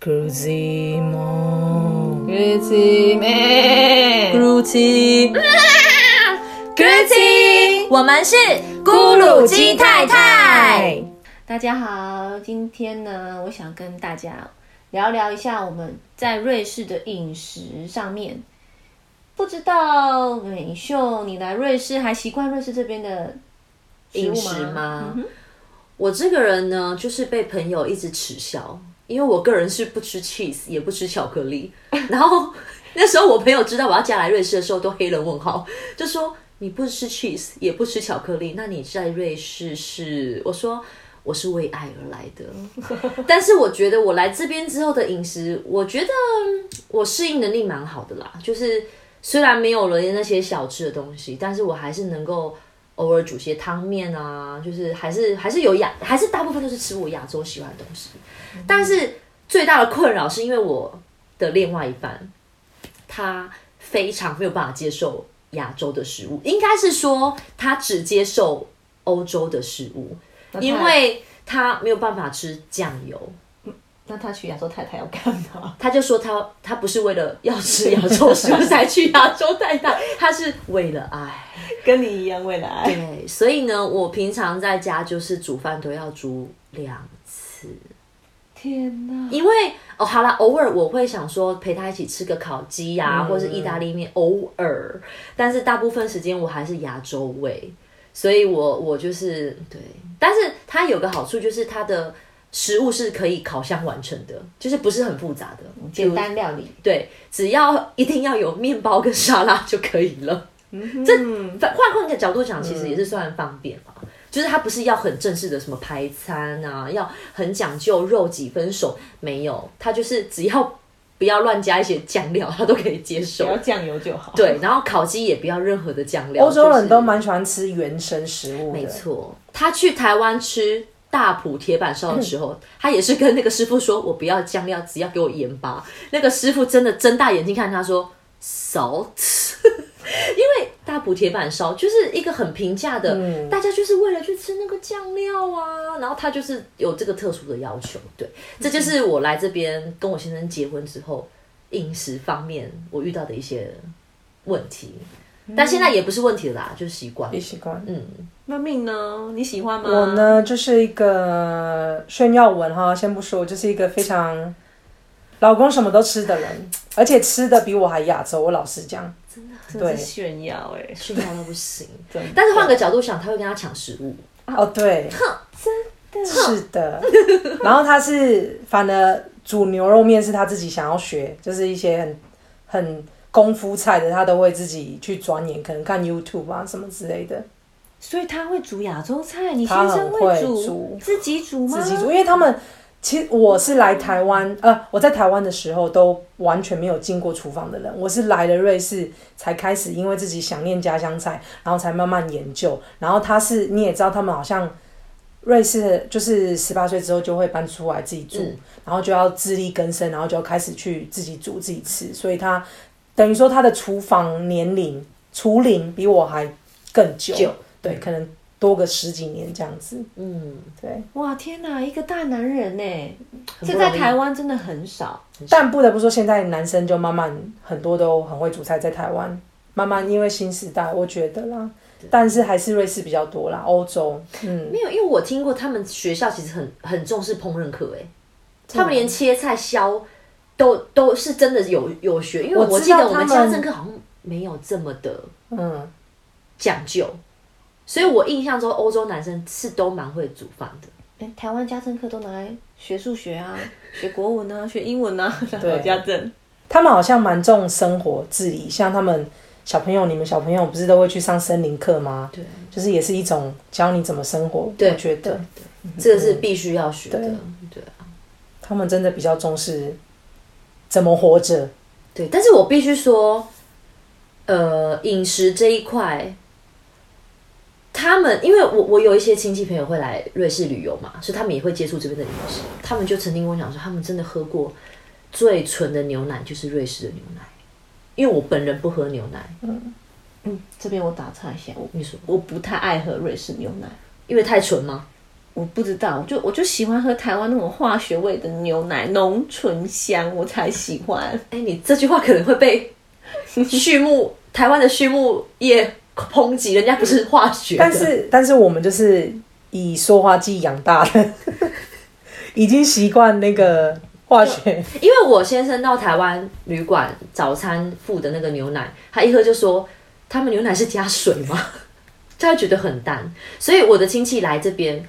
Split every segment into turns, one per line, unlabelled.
咕嘰
咕嘰咕嘰咕嘰，我們是咕嚕雞太太。大家好，今天呢，我想跟大家聊聊一下我們在瑞士的飲食上面。不知道美秀，你來瑞士還習慣瑞士這邊的飲食嗎？飲食，我這個人呢，就是被朋友一直恥笑。因為我個人是不吃 cheese 也不吃巧克力，然後那時候我朋友知道我要嫁來瑞士的時候都黑人問號，就說，你不吃 cheese 也不吃巧克力，那你在瑞士是？我說我是為愛而來的， 但是我覺得我來這邊之後的飲食，我覺得我適應能力蠻好的啦，就是雖然沒有了那些小吃的東西，但是我還是能夠。偶爾煮些湯麵啊，就是還是還是有亞，還是大部分都是吃我亞洲喜歡的東西。嗯，但是最大的困擾是因為我的另外一半，他非常沒有辦法接受亞洲的食物，應該是說他只接受歐洲的食物，他因為他沒有辦法吃醬油。那他去亞洲太太要幹嘛？他就說他他不是為了要吃亞洲食物才去亞洲太太， 他是為了愛。跟你一樣，未來對，所以呢，我平常在家就是煮飯都要煮兩次。天哪！因為哦，好啦，偶爾我會想說陪他一起吃個烤雞呀、啊，嗯、或是意大利麵，偶爾。但是大部分時間我還是亞洲味，所以我我就是對。但是它有個好處就是它的食物是可以烤箱完成的，就是不是很複雜的簡單料理。對，只要一定要有麵包跟沙拉就可以了。嗯、這換換個角度講，其實也是算方便嘛、啊。嗯、就是他不是要很正式的什麼排餐啊，要很講究肉幾分熟沒有？他就是只要不要亂加一些醬料，他都可以接受。只要醬油就好。對，然後烤雞也不要任何的醬料。歐洲
人都蠻喜歡吃原生食物的。沒錯，他去
台灣吃大埔鐵板燒的時候，嗯、他也是跟那個師傅說：“我不要醬料，只要給我鹽巴。”那個師傅真的睜大眼睛看他說：“Salt。”補鐵板燒就是一個很平價的，嗯、大家就是為了去吃那個醬料啊，然後他就是有這個特殊的要求，對，這就是我來這邊跟我先生結婚之後飲食方面我遇到的一些問題，嗯、但現在也
不是問題啦，就習慣，習慣，嗯。
那 Min 呢？你喜歡
嗎？我呢，就是一個炫耀文哈，先不說，我就是一個非常老公什麼都吃的人。而且吃的比我還亞洲，我老實講，真的，對
真的炫耀哎、欸，炫耀都
不行。對但是換個角度想，他會跟他搶食物。哦，對，真的，是的。 然後他是，反而煮牛肉麵是他自己想要學，就是一些很很功夫菜的，他都會自己去鑽研，可能看 YouTube 啊什麼之類的。所以他會煮亞洲菜，你先生會煮，自己煮，他
很會煮自己煮嗎？自己煮，
因為他們。其實我是來台灣，呃，我在台灣的時候都完全沒有進過廚房的人。我是來了瑞士才開始，因為自己想念家鄉菜，然後才慢慢研究。然後他是你也知道，他們好像瑞士就是十八歲之後就會搬出來自己住，嗯、然後就要自力更生，然後就要開始去自己煮自己吃。所以他等於說他的廚房年齡廚齡比我還更久，久對，可能。多個十幾年這樣子，
嗯，對，哇，天哪，一個大男人呢，
這在台
灣真的很
少。很少，但不得不說，現在男生就慢慢很多都很會煮菜，在台灣慢慢因為新時代，我覺得啦。對但是還是瑞士比較多啦，歐洲，嗯，沒有，因為我聽過他們學校其實很很重視烹飪課，誒，他們連切菜削
都都是真的有有學，因為我記得我們家政課好像沒有這麼的嗯講究。嗯所以，我印象中歐洲男生是都
蠻會煮飯的。
欸，台灣家政課都拿來學數學啊， 學國文啊，學英文啊，對啊，家政。
他們好像蠻重生活自理，像他們小朋友，你們小朋友不是都會去上森林課嗎？對，就是也是一種教你怎麼生活。對，我覺得這個是必須要學的。對，對啊，他們真的比較重視怎麼活着。對，但是我必須說，呃，
飲食這一塊。他們因為我我，有一些親戚朋友會來瑞士旅遊嘛，所以他們也會接觸這邊的飲食。他們就曾經跟我講說，他們真的喝過最純的牛奶就是瑞士的牛奶。因為我本人不喝牛奶，嗯嗯，這邊我打岔一下，我跟你說我不太愛喝瑞士牛奶，因為太純嗎？我不知道，我就我就喜歡喝台灣那種化學味的牛奶，濃醇香我才喜歡。哎， 欸、你這句話可能會被畜牧台灣的畜牧業抨擊人家不是化學，但是
但是我們就是以塑化劑養大的， 已經習慣那個化學。
因為我先生到台灣旅館早餐附的那個牛奶，他一喝就說，他們牛奶是加水嗎？他覺得很淡。所以我的親戚來這邊，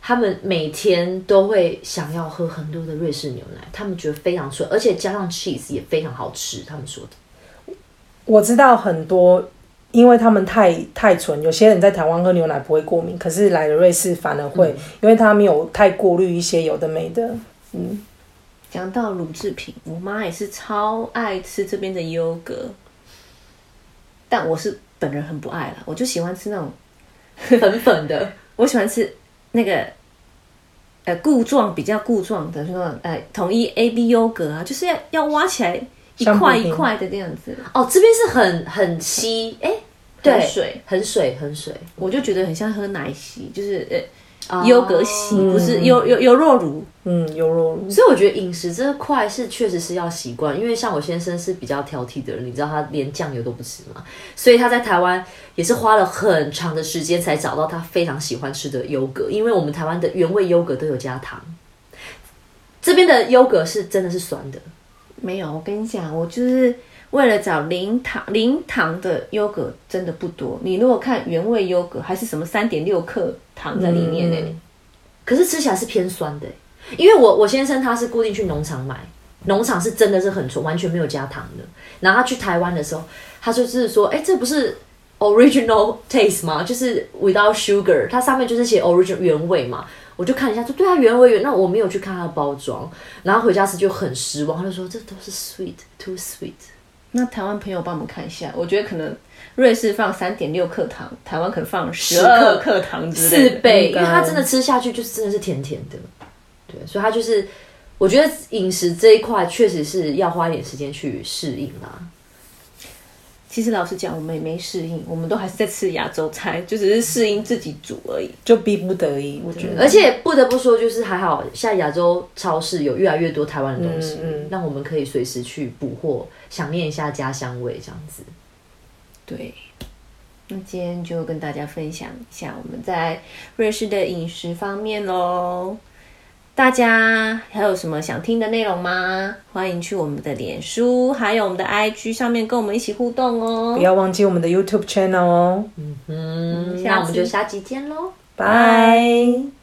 他們每天都會想要喝很多的瑞士牛奶，他們覺得非常純，而且
加上 cheese 也非常好吃。他們說的，我知道很多。因為他們太太純，有些人在台灣喝牛奶不會過敏，可是來了瑞士反而會，嗯、因為他沒有太過濾一些有的沒的。嗯，講到乳製品，我媽也是超愛吃這邊的優格，
但我是本人很不愛了，我就喜歡吃那種粉 粉的，我喜歡吃那個呃固狀比較固狀的，就是、說呃統一 AB 優格啊，就是要要挖起來一塊一塊的這樣子。哦，這邊是很很稀，哎、欸。很水，很水，很水，我就覺得很像喝奶昔，就是呃，優格昔，嗯，不是優優優若乳，嗯，優若乳。所以我覺得飲食這塊是確實是要習慣，因為像我先生是比較挑剔的人，你知道他連醬油都不吃嘛，所以他在台灣也是花了很長的時間才找到他非常喜歡吃的優格，因為我們台灣的原味優格都有加糖，這邊的優格是真的是酸的，沒有，我跟你講，我就是。為了找零糖，零糖的優格真的不多。你如果看原味優格，還是什麼三點六克糖在裡面呢？嗯、可是吃起來是偏酸的、欸。因為我我先生他是固定去農場買，農場是真的是很純，完全沒有加糖的。然後他去台灣的時候，他就是說：“哎、欸，這不是 original taste 嗎？就是 without sugar，它上面就是寫 original 原味嘛。”我就看一下，說：“對啊，原味原。”那我沒有去看它的包裝，然後回家時就很失望，他就說：“這都是 sweet，too sweet。”那台灣朋友幫我們看一下，我覺得可能瑞士放三點六克糖，台灣可能放十二克克糖之類，四倍，應該因為它真的吃下去就是真的是甜甜的，對，所以它就是，我覺得飲食這一塊確實是要花一點時間去適應啦、啊。其實老實講，我們也沒適應，我們都還是在吃亞洲菜，就只是適應自己煮而已，就逼不得已。
我覺得，而且
不得不說，就是還好，現在亞洲超市有越來越多台灣的東西，那、嗯嗯、我們可以隨時去補貨，想念一下家鄉味這樣子。對，那今天就跟大家分享一下我們在瑞士的飲食方面嘍。大家還有什麼想聽的內容嗎？歡迎去我們的臉書，還有我們的 IG 上面跟我們一起互動哦！不要忘
記我們的 YouTube channel 哦！嗯哼嗯，那我們就下集見嘍，拜 Bye。